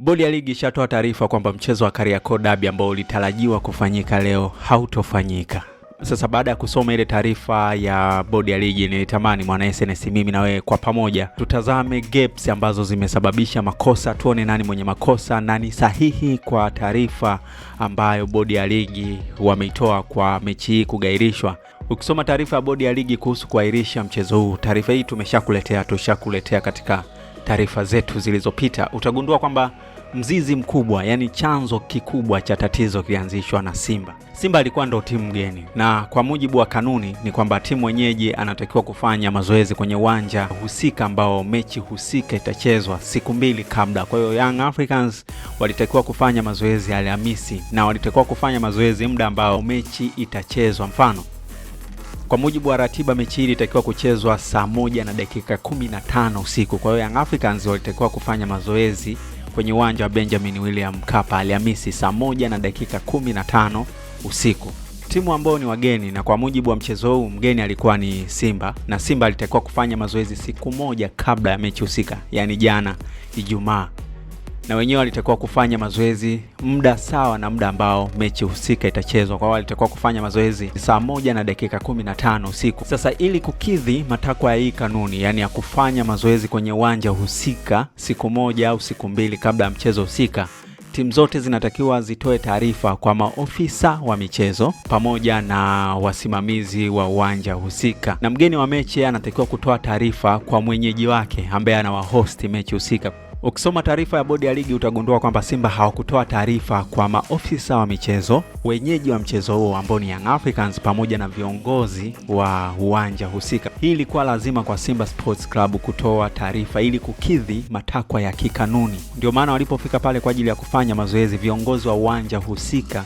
Bodi ya ligi ishatoa taarifa kwamba mchezo wa Kariakoo Derby ambao ulitarajiwa kufanyika leo hautofanyika. Sasa baada ya kusoma ile taarifa ya bodi ya ligi, nilitamani mwana SNS, mimi na wewe kwa pamoja tutazame gaps ambazo zimesababisha makosa, tuone nani mwenye makosa na ni sahihi kwa taarifa ambayo bodi ya ligi wameitoa kwa mechi hii kugairishwa. Ukisoma taarifa ya bodi ya ligi kuhusu kuahirisha mchezo huu, taarifa hii tumeshakuletea tushakuletea katika taarifa zetu zilizopita, utagundua kwamba mzizi mkubwa, yani chanzo kikubwa cha tatizo kilianzishwa na Simba. Simba alikuwa ndo timu mgeni, na kwa mujibu wa kanuni ni kwamba timu mwenyeji anatakiwa kufanya mazoezi kwenye uwanja husika ambao mechi husika itachezwa siku mbili kabla. Kwa hiyo Young Africans walitakiwa kufanya mazoezi Alhamisi na walitakiwa kufanya mazoezi muda ambao mechi itachezwa. Mfano, kwa mujibu wa ratiba mechi hii ilitakiwa kuchezwa saa moja na dakika 15 usiku. Kwa hiyo Young Africans walitakiwa kufanya mazoezi kwenye uwanja wa Benjamin William Mkapa Alhamisi saa moja na dakika 15 usiku. Timu ambao ni wageni na kwa mujibu wa mchezo huu mgeni alikuwa ni Simba na Simba alitakiwa kufanya mazoezi siku moja kabla ya mechi husika, yaani jana Ijumaa na wenyewe walitakiwa kufanya mazoezi muda sawa na muda ambao mechi husika itachezwa. Kwa hiyo walitakiwa kufanya mazoezi saa moja na dakika kumi na tano usiku. Sasa ili kukidhi matakwa ya hii kanuni, yaani ya kufanya mazoezi kwenye uwanja husika siku moja au siku mbili kabla ya mchezo husika, timu zote zinatakiwa zitoe taarifa kwa maofisa wa michezo pamoja na wasimamizi wa uwanja husika, na mgeni wa mechi anatakiwa kutoa taarifa kwa mwenyeji wake ambaye anawahosti mechi husika. Ukisoma taarifa ya bodi ya ligi utagundua kwamba Simba hawakutoa taarifa kwa maofisa wa michezo, wenyeji wa mchezo huo ambao ni Young Africans pamoja na viongozi wa uwanja husika. Hii ilikuwa lazima kwa Simba Sports Club kutoa taarifa ili kukidhi matakwa ya kikanuni. Ndio maana walipofika pale kwa ajili ya kufanya mazoezi, viongozi wa uwanja husika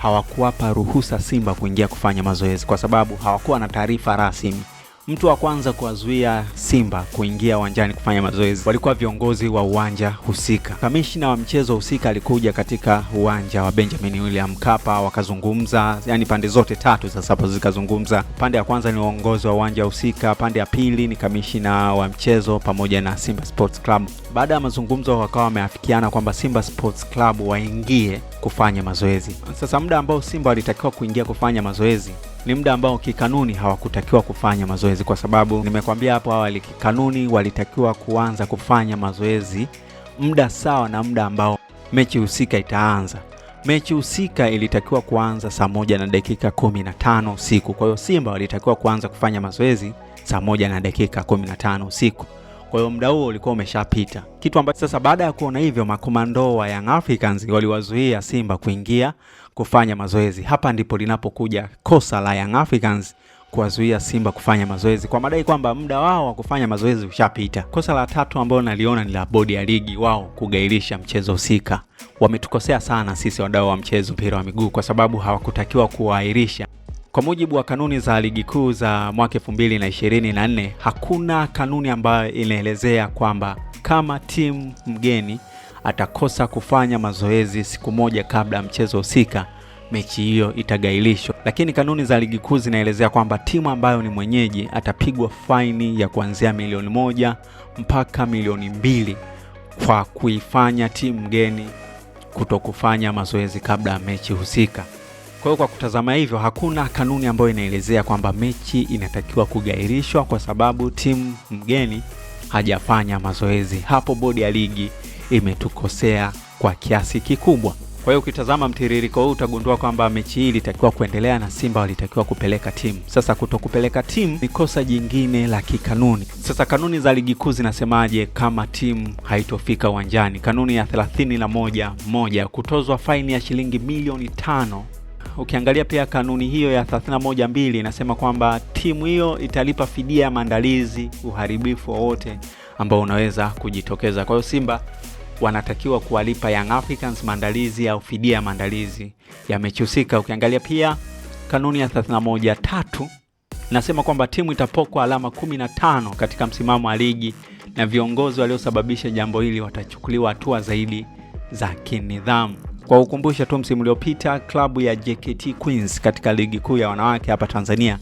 hawakuwapa ruhusa Simba kuingia kufanya mazoezi kwa sababu hawakuwa na taarifa rasmi. Mtu wa kwanza kuwazuia Simba kuingia uwanjani kufanya mazoezi walikuwa viongozi wa uwanja husika. Kamishna wa mchezo husika alikuja katika uwanja wa Benjamin William Mkapa, wakazungumza, yani pande zote tatu za sapo zikazungumza. Pande ya kwanza ni uongozi wa uwanja husika, pande ya pili ni kamishna wa mchezo pamoja na Simba Sports Club. Baada ya mazungumzo, wakawa wameafikiana kwamba Simba Sports Club waingie kufanya mazoezi. Sasa muda ambao Simba walitakiwa kuingia kufanya mazoezi ni muda ambao kikanuni hawakutakiwa kufanya mazoezi, kwa sababu nimekwambia hapo awali, kikanuni walitakiwa kuanza kufanya mazoezi muda sawa na muda ambao mechi husika itaanza. Mechi husika ilitakiwa kuanza saa moja na dakika kumi na tano usiku. Kwa hiyo Simba walitakiwa kuanza kufanya mazoezi saa moja na dakika kumi na tano usiku. Kwa hiyo muda huo ulikuwa umeshapita, kitu ambacho sasa, baada ya kuona hivyo, makomando wa Young Africans waliwazuia Simba kuingia kufanya mazoezi. Hapa ndipo linapokuja kosa la Young Africans kuwazuia Simba kufanya mazoezi kwa madai kwamba muda wao wa kufanya mazoezi ushapita. Kosa la tatu ambalo naliona ni la bodi ya ligi, wao kugairisha mchezo husika. Wametukosea sana sisi wadau wa mchezo mpira wa miguu, kwa sababu hawakutakiwa kuwaahirisha kwa mujibu wa kanuni za ligi kuu za mwaka 2024 hakuna kanuni ambayo inaelezea kwamba kama timu mgeni atakosa kufanya mazoezi siku moja kabla ya mchezo husika, mechi hiyo itagailishwa. Lakini kanuni za ligi kuu zinaelezea kwamba timu ambayo ni mwenyeji atapigwa faini ya kuanzia milioni moja mpaka milioni mbili kwa kuifanya timu mgeni kutokufanya mazoezi kabla ya mechi husika. Kwa hiyo kwa kutazama hivyo, hakuna kanuni ambayo inaelezea kwamba mechi inatakiwa kugairishwa kwa sababu timu mgeni hajafanya mazoezi. Hapo bodi ya ligi imetukosea kwa kiasi kikubwa. Kwa hiyo ukitazama mtiririko huu utagundua kwamba mechi hii ilitakiwa kuendelea na Simba walitakiwa kupeleka timu. Sasa kutokupeleka timu ni kosa jingine la kikanuni. Sasa kanuni za ligi kuu zinasemaje kama timu haitofika uwanjani? Kanuni ya 31 moja moja kutozwa faini ya shilingi milioni tano ukiangalia pia kanuni hiyo ya 31.2 inasema kwamba timu hiyo italipa fidia ya maandalizi, uharibifu wowote ambao unaweza kujitokeza. Kwa hiyo Simba wanatakiwa kuwalipa Young Africans maandalizi au fidia ya maandalizi ya mechi husika. Ukiangalia pia kanuni ya 31.3 inasema kwamba timu itapokwa alama 15 katika msimamo wa ligi na viongozi waliosababisha jambo hili watachukuliwa hatua zaidi za kinidhamu. Kwa kukumbusha tu, msimu uliopita klabu ya JKT Queens katika ligi kuu ya wanawake hapa Tanzania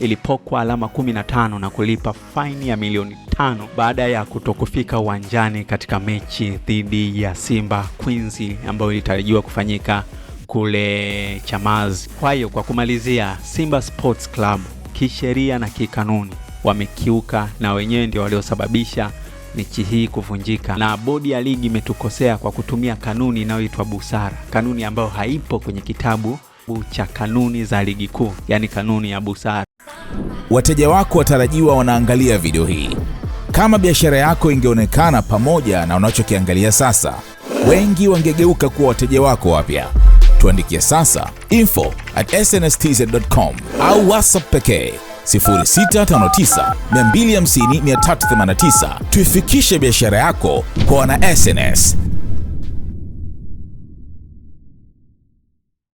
ilipokwa alama 15 na kulipa faini ya milioni tano baada ya kutokufika uwanjani katika mechi dhidi ya Simba Queens ambayo ilitarajiwa kufanyika kule Chamazi. Kwa hiyo kwa kumalizia, Simba Sports Club kisheria na kikanuni wamekiuka, na wenyewe ndio waliosababisha mechi hii kuvunjika, na bodi ya ligi imetukosea kwa kutumia kanuni inayoitwa busara, kanuni ambayo haipo kwenye kitabu cha kanuni za ligi kuu, yani kanuni ya busara. Wateja wako watarajiwa wanaangalia video hii. Kama biashara yako ingeonekana pamoja na unachokiangalia sasa, wengi wangegeuka kuwa wateja wako wapya. Tuandikie sasa info at snstz.com au whatsapp pekee 0659 Tuifikishe biashara yako kwa wana SnS.